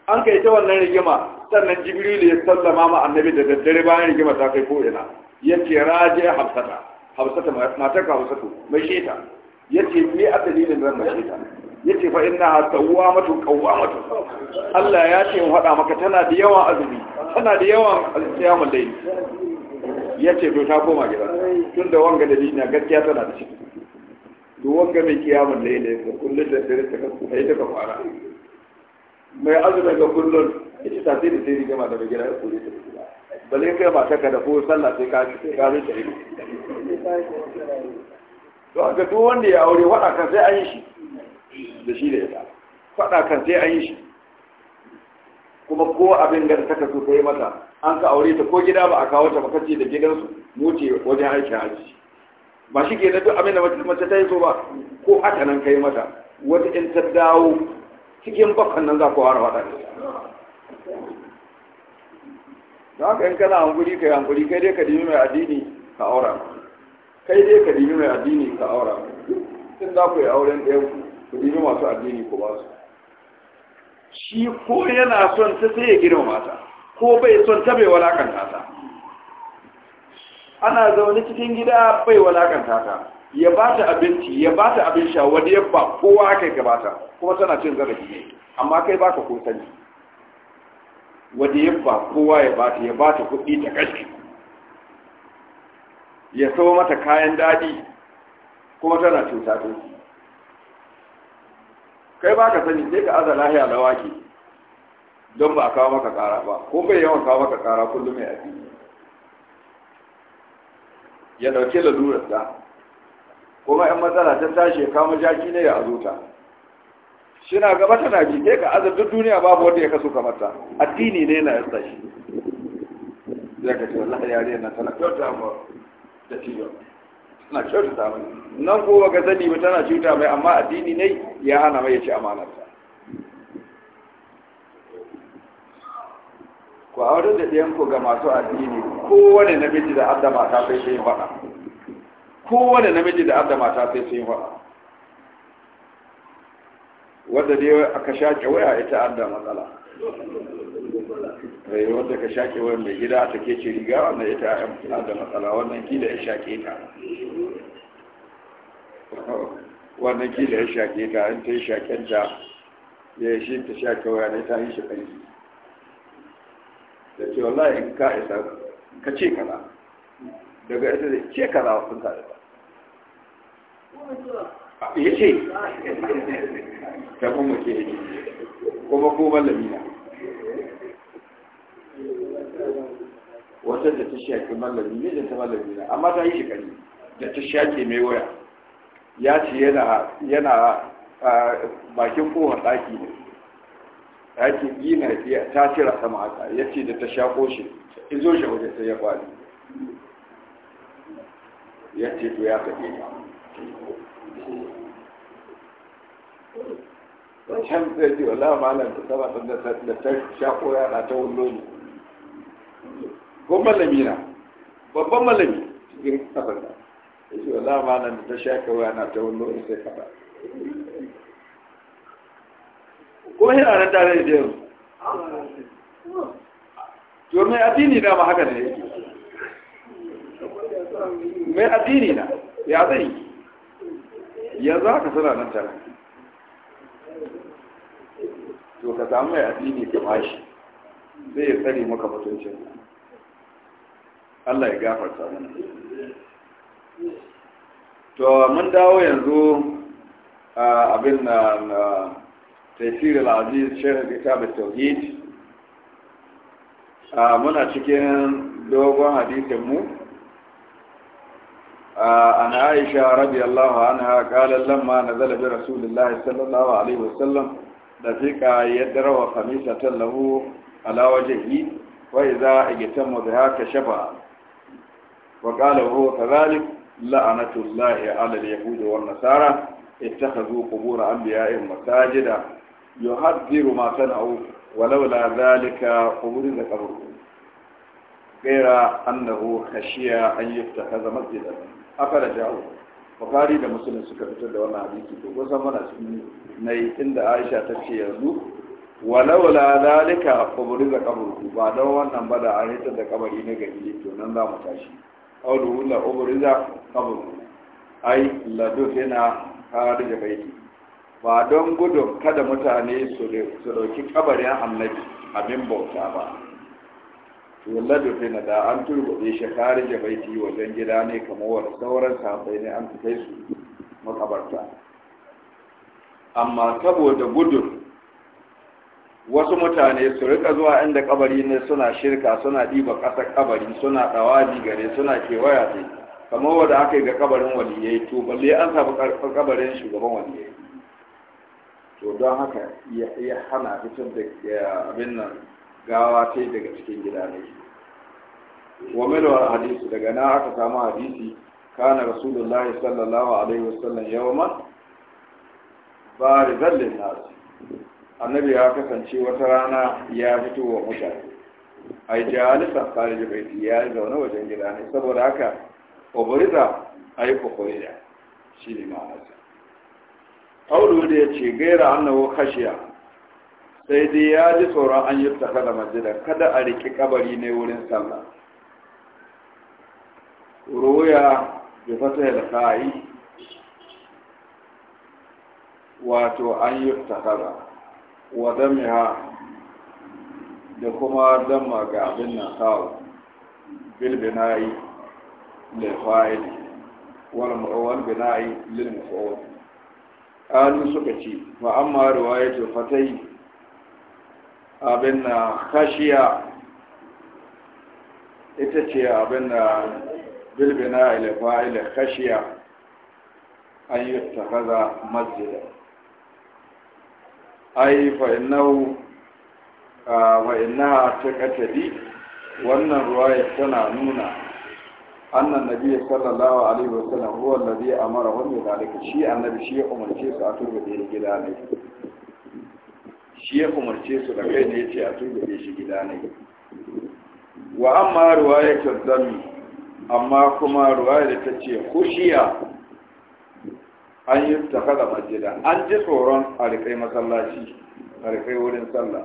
an kai ta wannan rigima sannan jibrilu ya sallama ma annabi da daddare bayan rigima ta kai ko ina yace raje hafsata hafsata matar ka hafsatu mai sheta yace me a dalilin ran mai sheta yace fa innaha tawwamatu qawwamatu Allah ya ce in faɗa maka tana da yawan azumi tana da yawan alƙiyamul layl yace to ta koma gida tunda wanga da dina gaskiya tana da shi to wanga mai kiyamul layl ko kullun da dare ta kasu sai ta fara mai azumi ga kullun ita ta sai da sai gama da gida ko da bale kai ba ta kada ko sallah sai ka ci ka zai tare to ga to wanda ya aure wada kan sai an yi shi da shi da ita faɗa kan sai an yi shi kuma ko abin da ta kasu ta yi mata an ka aure ta ko gida ba a kawo ta makace da gidansu moce wajen aikin haji ba shi ke na abin da mace ta yi so ba ko haka nan ka yi mata wata in ta dawo cikin bakan nan za ku wara wata da haka in kana hankuri kai hankuri kai dai ka dimi mai addini ka aura kai dai ka dimi mai addini ka aura tun za ku yi auren ɗaya ku masu addini ko ba su shi ko yana son ta sai ya gina mata, ko bai son ta bai walakanta ta ana zaune cikin gida bai walakanta ta ya ba ta abinci ya ba ta abin sha wani ya ba kowa kai gabata kuma tana cin zarafi ne amma kai ka ko sani wani ya ba kowa ya ba ta ya ba ta kuɗi ta kashe ya sau mata kayan daɗi kuma tana cuta ta kai ba ka sani sai ka aza lahiya wake don ba a kawo maka kara ba ko bai yawan kawo maka kara kullum mai abi ya dauke lalurar da kuma 'yan matsala ta tashi ya kama jaki ne ya azo ta shina gaba tana ji sai ka aza duk duniya babu wanda ya kaso kamar ta addini ne na yasa shi zai ka ce wallahi yare na tana kyauta ba da tiyo suna kyautata mai nan ko ga zani ba tana cuta mai amma addini ne ya hana mai ya ci amanarsa ku aure da ɗayan ga masu addini kowane namiji da adda mata sai sai faɗa kowane namiji da adda mata sai sai faɗa wanda dai aka shaƙe waya ita adda matsala rai wanda ka shaƙe wani mai gida a take ce riga wanda ita ya suna da matsala wannan kila ya shaƙe ta wannan kila ya shaƙe ta in ta yi shaƙen ta ya yi shi ta shaƙe wa ne ta yi shi ƙarfi da ce wallahi in ka isa ka ce kaza daga ita da ce wa sun ka isa ya ce ta kuma ke kuma ko malami na wata da ta shafi mallami ne da ta mallami na amma ta yi shekaru da ta shafi mai waya ya ce yana yana bakin kowar ɗaki ne ɗakin gina ta tira sama haka ya ce da ta shafo shi in zo shi waje sai ya kwali ya ce to ya kaɗe ya wancan zai ce wala malam ta saba da ta shafo yana ta wullo ne malami na babban malami cikin kafin da ya ce wala ma nan ta sha kawai ana ta wani lokaci sai kafa ko yana na tare da jiyan to mai addini na ma haka ne yake mai addini na ya zai za ka suna nan tare to ka samu mai addini ka bashi zai tsari maka mutuncin Allah ya gafarta mana to mun dawo yanzu abin na tafsir al-aziz sharh kitab at-tauhid muna cikin dogon hadisin mu عن عائشة رضي الله عنها قال لما نزل برسول الله صلى الله عليه وسلم يدر وخميسة له على وجهه وإذا بها wa qala huwa kadhalik la'anatullahi 'ala al-yahud wa an-nasara ittakhadhu qubur anbiya'ihim masajida ma ولولا ذلك قبول لقبره غير أنه خشي أن يتخذ مسجدا أخرجه Bukhari da Muslim suka fitar da wannan hadisi to kusan mana sun nayi inda Aisha ta ce yanzu walaula zalika qabru da qabru ba don wannan ba da an hitar da kabari na gari to nan za mu tashi qawluhu la ubriza qabru ai la dufina kharij baiti ba don gudun kada mutane su dauki kabarin annabi abin bauta ba to la dufina da an turbude shi kharij baiti wajen gida ne kamar wa sauran sahabbai ne an kai su makabarta amma saboda gudun wasu mutane su rika zuwa inda kabari ne suna shirka suna ɗiba ƙasar kabari suna ɗawaji gare suna kewaya ne kamar wanda aka yi ga kabarin waliyai to balle an samu kabarin shugaban waliyai to don haka ya hana fitar da abin nan gawa ta daga cikin gida ne wa milwar hadisi daga na aka samu hadisi kana rasulullahi sallallahu alaihi wasallam yawma barizan lin nasu annabi ya kasance wata rana ya fito wa mutane ai jalisa kharij baiti ya zaune wajen gida ne saboda haka ubriza ai kokorida shi ne ma'anarsa kaulu da ya ce gaira annabi kashiya. sai dai ya ji tsoron an yi ta da majida kada a riki kabari ne wurin sallah ruya da fata da qai wato an yi taka wa damiha da kuma damma ga abin nan kawo bilbinayi lilfa'ili wal binayi lilmufawar ƙalu suka ce ba an ma ya ce fatai abin na kashiya ita ce abin na bilbinayi lilfa'ili kashiya an yi ta kaza masjidar ai fa'innahu wa innaha taqatadi wannan ruwaya tana nuna annan nabi sallallahu alaihi wasallam huwa alladhi amara hum bi zalika shi annabi shi ya umarce su a turbe da gida ne shi ya umarce su da kai ne yace a turbe shi gida ne wa amma ruwaya tazami amma kuma ruwaya ta ce khushiya an yi ta kada majida an ji tsoron a rikai masallaci a rikai wurin sallah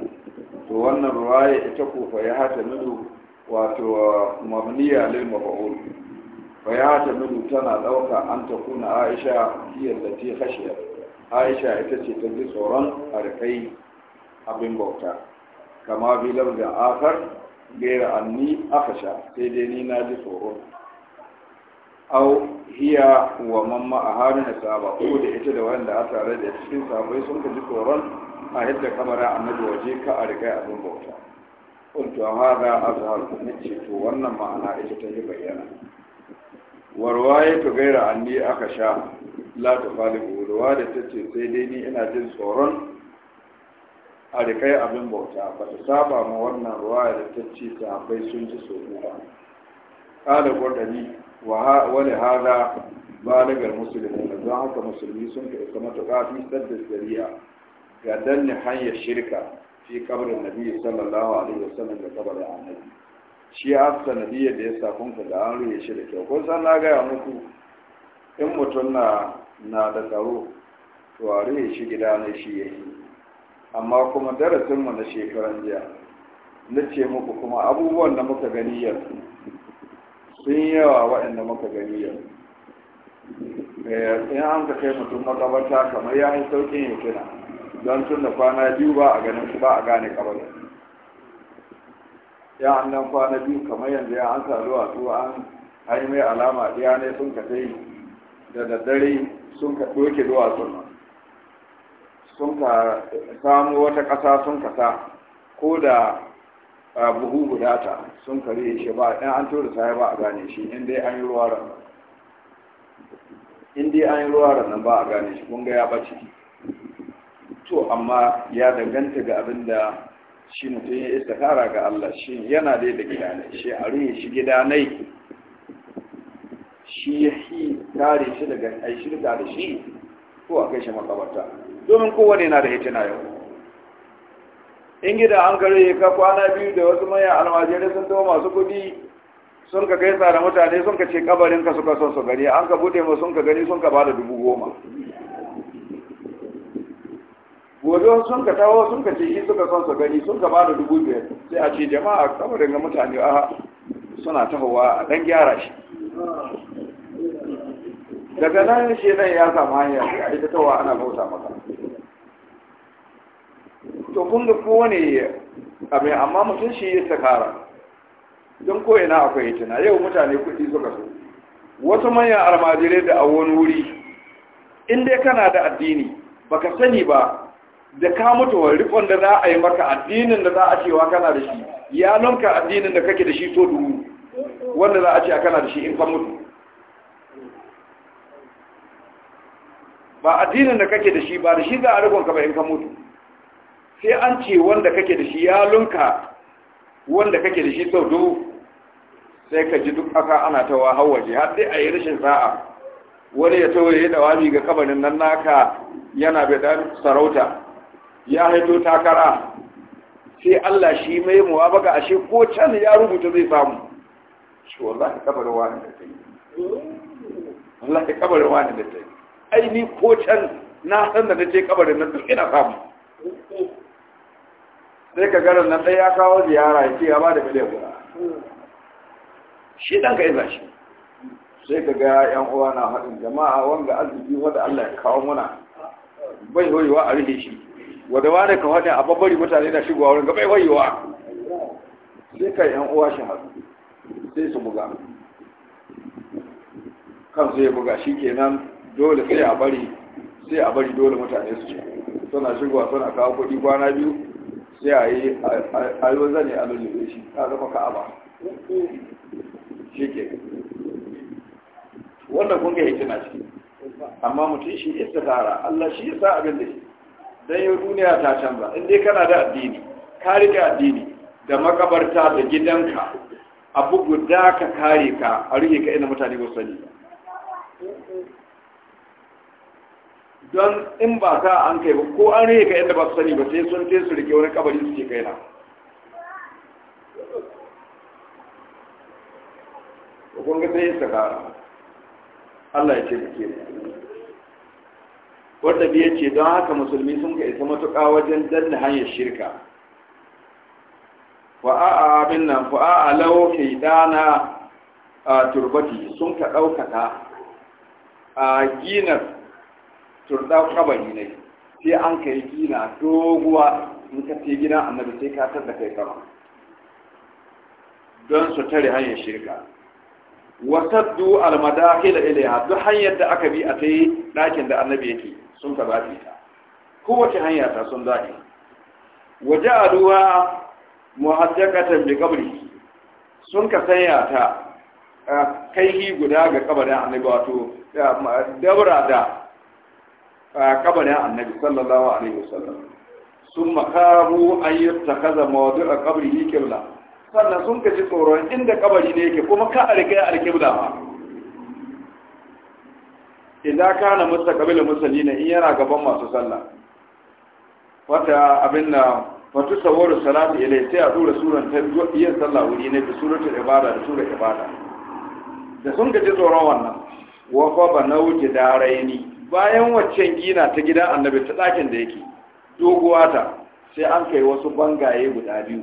to wannan ya ita ko fa ya hata nudu wato mabniya lil mafa'ul fa ya hata nudu tana dauka an ta kuna aisha hiyar da ta khashiya aisha ita ce ta ji tsoron a rikai abin bauta kama bi lafzin akar gaira anni akhasha sai dai ni na ji tsoron au hiya wa mamma a harin da saba, ko da ita da wanda a tare da cikin sahabbai sun ka ji tsoron a yadda kamar annabi waje ka a riga abin bauta kuntu hada azhar nace to wannan ma'ana ita ta yi bayyana warwaye to gaira anni aka sha la ta fali ruwa da ta ce sai dai ni ina jin tsoron a rikai abin bauta ba ta saba ma wannan ruwa da ta ce sahabbai sun ji tsoro ba kada gwardani wani hada balagar musulmi na don haka musulmi sun ka isa matuƙa fi sadda shari'a ga danne hanyar shirka fi kabarin nabi sallallahu alaihi sallam da kabarin annabi shi ya sanadiyar da ya sa da an ruye shi da kyau san na gaya muku in mutum na na da tsaro to a ruye shi gida ne shi ya yi amma kuma darasinmu na shekaran jiya na ce muku kuma abubuwan da muka gani yanzu sun yawa waɗanda muka gani yau eh, in an ka kai mutum makabarta kamar ya yi sauƙin ya kina don tun da kwana biyu ba a ganin su ba a gane kabarin ya an nan kwana biyu kamar yanzu ya an sadu a su an hanyar mai alama ɗaya ne sun ka sai da daddare sun ka ɗoke duwatsun nan sun ka samu wata ƙasa sun ka sa ko da a buhu guda ta sun kare shi ba ɗan an tura sai ba a gane shi in dai an yi ruwa ran in dai an yi ruwa ran ba a gane shi kun ga ya bace to amma ya danganta ga abin da shi mutum ya istikara ga Allah shi yana dai da gida ne shi a rufe shi gida nai shi ya yi kare shi daga ai shirka da shi ko a kai shi makabarta domin kowane na da hitina yau in gida an kare ka kwana biyu da wasu manyan almajirai sun tawo masu kuɗi sun ka gaisa da mutane sun ka ce kabarin ka suka son su gani an ka bude ma sun ka gani sun ka ba da dubu goma gobe sun ka tawo sun ka ce shi suka son su gani sun ka ba da dubu biyar sai a ce jama'a kabarin ga mutane a suna tahowa a dan gyara shi daga nan shi ya samu hanya a ita tawa ana bauta maka to kun ga kowane abin amma mutum shi ya sakara don ko ina akwai hitina yau mutane kuɗi suka so wasu manyan almajirai da a wani wuri in dai kana da addini baka sani ba da ka mutu rikon da za a yi maka addinin da za a cewa kana da shi ya nunka addinin da kake da shi so dubu wanda za a ce kana da shi in ka mutu ba addinin da kake da shi ba da shi za a rikon ka ba in ka mutu sai an ce wanda kake da shi ya lunka wanda kake da shi sau dubu sai ka ji duk aka ana ta waje har dai a yi rashin sa'a wani ya tawo ya dawami ga kabarin nan naka yana bai dan sarauta ya haito takara sai Allah shi mai muwabaka ashe ko can ya rubuta zai samu shi wallahi kabarin wani da ta yi wallahi kabarin wani da ta yi ai ni ko can na san da na je kabarin nan duk ina samu sai ka garin nan ɗaya ya kawo ziyara ya ce ya ba da miliyan guda shi ɗan ka iza shi sai ka gaya yan uwa na haɗin jama'a wanga arziki wadda Allah ya kawo muna bai hoyewa a rike shi wadda wani ka haɗin a babbari mutane na shigowa wurin ga bai hoyewa sai ka yan uwa shi haɗu sai su buga kansu ya buga shi kenan dole sai a bari sai a bari dole mutane su ce. suna shigowa suna kawo kuɗi kwana biyu sai a yi a yi wanzan ne a lullube shi ta zama ka'aba shi ke wannan kun ga hikima ce amma mutum shi istihara Allah shi yasa abin da shi dan yi duniya ta canza in dai kana da addini kare ka addini da makabarta da gidanka abu guda ka kare ka a rike ka ina mutane ba sani don in ba ka an kai ba ko an rike ka yadda ba su sani ba sai sun su rike wani kabari su ke kai na kun ga sai ya saka Allah ya ce muke wanda biya ce don haka musulmi sun ka isa matuƙa wajen danna hanyar shirka fa'a abin nan fa'a lau kai dana a turbati sun ka ɗaukata a ginar turda kabari ne sai an kai gina doguwa in ka ce gidan annabi sai ka tar da kai kama. don su tare hanyar shirka wasaddu almadahil ilaiha duk hanyar da aka bi a ta dakin ɗakin da annabi yake sun ka bace ta kowace hanya ta sun zaki? waje a ruwa bi qabri sun ka sanya ta kaihi guda ga kabarin annabi wato dabra da قبلها annabi sallallahu alaihi wasallam sun makaru an yi takaza mawadu a kabari yi sannan sun kaci tsoron inda kabari ne yake kuma ka arke ya alkibla ma idan ka na أبنا kabila الصلاة إليه in yana gaban masu sallah wata abin na wata sawarar salatu da ibada da sun gaji tsoron wannan wafa ba na wuce da raini bayan waccan gina ta gidan annabi ta ɗakin da yake doguwa ta sai an kai wasu bangaye guda biyu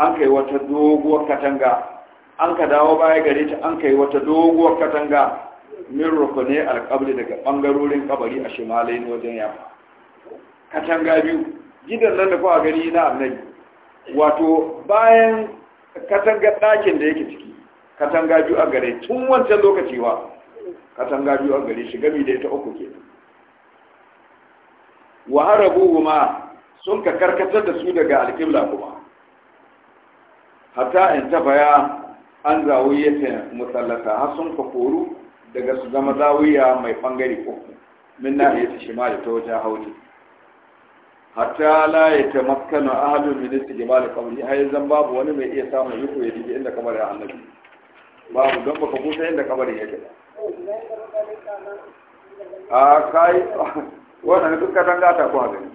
an kai wata doguwar katanga an ka dawo baya gare ta an kai wata doguwar katanga min rukune alƙabri daga ɓangarorin kabari a shimalai ne wajen yamma katanga biyu gidan nan da kuwa gari na annabi wato bayan katanga ɗakin da yake ciki katanga biyu a gare tun wancan lokaci wa katanga biyu a gare shi gami da ita uku ke wa harabu kuma sun ka karkatar da su daga alƙibla kuma hatta in tafaya an ta musallata har sun ka koru daga su zama zawiya mai bangare uku min na yi shima da ta wajen hauli hatta la ya ta makkana ahadu min istijmal qabli hay zan babu wani mai iya samun yiko ya dige inda kamar ya annabi babu don baka kusa inda kamar ya dige a kai wannan duk ka katan ta kwa gani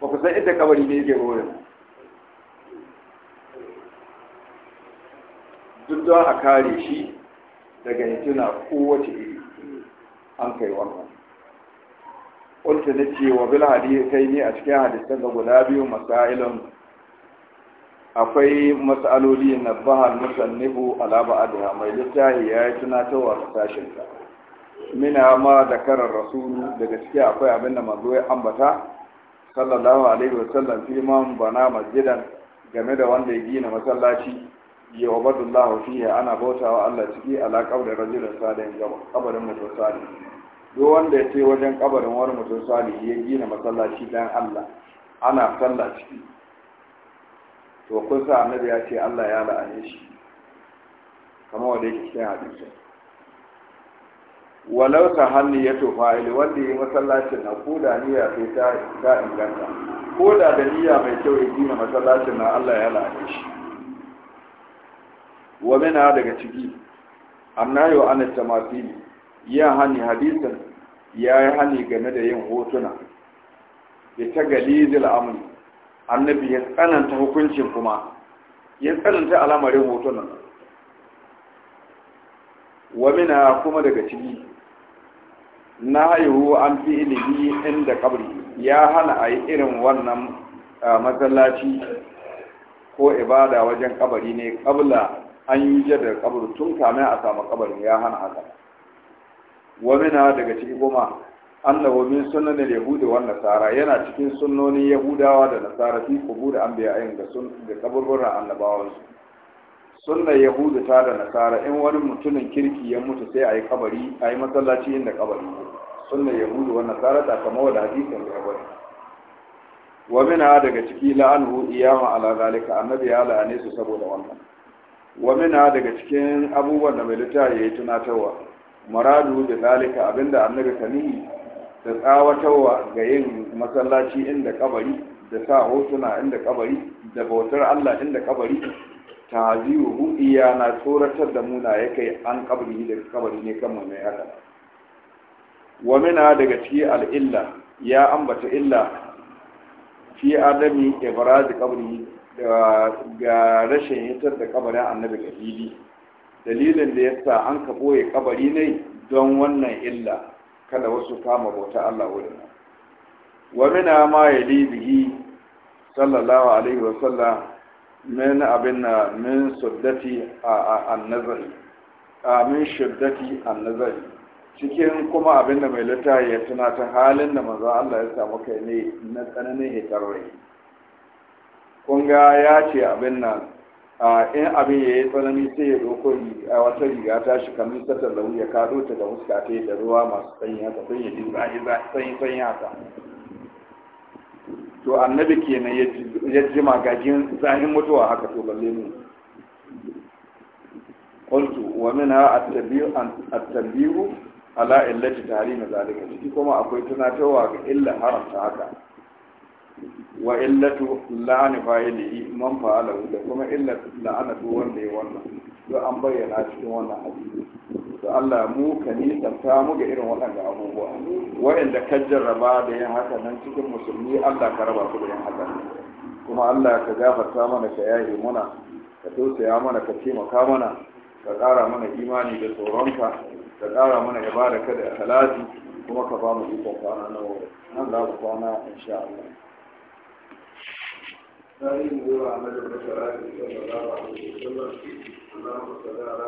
ba ku san inda kabari ne yake wurin duk don a kare shi daga hituna wace iri an kai wannan ƙulta na ce wa bil hadisai ne a cikin hadisan da guda biyu masailun akwai matsaloli na bahar musannibu alaba adiha mai littafi ya yi tunatarwa da tashinka mina ma da karar rasulu daga ciki akwai abinda manzo ya ambata sallallahu alaihi wa sallam fi man bana masjidan game da wanda ya gina masallaci ya wabadullah fiye. ana bautawa Allah ciki alaƙa da rajulin salihin gaba kabarin mutum sali duk wanda ya ce wajen kabarin wani mutum sali ya gina masallaci dan Allah ana sallah ciki to kun sa annabi ya ce Allah ya la'ani shi kamar wanda yake cikin hadisi walau ta hannu ya tofa fa'ili wanda yi masallacin na ko da niyya sai ta ta inganta ko da da niyya mai kyau ya gina masallacin na Allah ya la'ani shi wa mina daga ciki annayo an tamafi yin hani hadisin ya yi hani game da yin hotuna da ta galizil amri annabi ya tsananta hukuncin kuma ya tsananta al'amarin hoton nan wamina kuma daga ciki na haihu an fi ilimi inda kabri ya hana a yi irin wannan matsalaci ko ibada wajen kabari ne kabla an yi jadar kabari tun kamin a samu kabarin ya hana haka wamina daga ciki kuma annahu min sunnanin Yahudawa wan nasara yana cikin sunnonin yahudawa da nasara fi qubur anbiya'in da sun da kaburburan annabawan su sunnar yahudu ta da nasara in wani mutumin kirki ya mutu sai ayi kabari ayi masallaci inda kabari sunnar yahudu wan nasara ta kama wa hadisin da yawai wa daga ciki la'anu iyama ala zalika annabi ya la'ane su saboda wannan wa minha daga cikin abubuwan da mai littafi ya yi tunatarwa maradu da zalika abinda annabi kanihi da tsawatarwa ga yin masallaci inda kabari da sa hotuna inda kabari da bautar Allah inda kabari ta ziyu hudiya na tsoratar da muna ya kai an kabari da kabari ne kan mai haka wa mina daga ciki al'illa ya ambata illa fi adami da kabari ga rashin yantar da kabarin annabi ga dalilin da yasa an kaboye boye kabari ne don wannan illa kada wasu kama bauta Allah wurin nan wa mina ma yadi bihi sallallahu alaihi wa sallam min abin min suddati an-nazari amin shiddati an-nazari cikin kuma abin da mai littafi ya tuna ta halin da manzo Allah ya samu kai ne na tsananin hitar kun ga ya ce abin nan in abin ya yi tsanani sai ya doko a wata riga ta shi kamar satar da wuya ka ta da huska ta da ruwa masu sanyi haka sun yi sanyi sanyi haka to annabi kenan ya ji magajin zahin mutuwa haka to balle mu qultu wa minha a tabiu at-tabi'u ala illati tahrim zalika ciki kuma akwai tunatarwa ga illa haramta haka wa illatu la'ani fa'ilihi man fa'alahu da kuma illatu la'anatu wanda ya wannan to an bayyana cikin wannan hadisi to Allah mu ka nisanta mu ga irin waɗanda abubuwa wa'anda ka jarraba da yin haka nan cikin musulmi Allah ka raba su da yin haka kuma Allah ka gafarta mana ka yaye muna ka tausaya mana ka taimaka mana ka ƙara mana imani da tsoronka ka ƙara mana ibada ka da halati kuma ka ba mu ikon kwana na wuri nan za kwana insha Allah tarihin zuwa a madadin shari'a da sallallahu alaihi wasallam اللهم صل على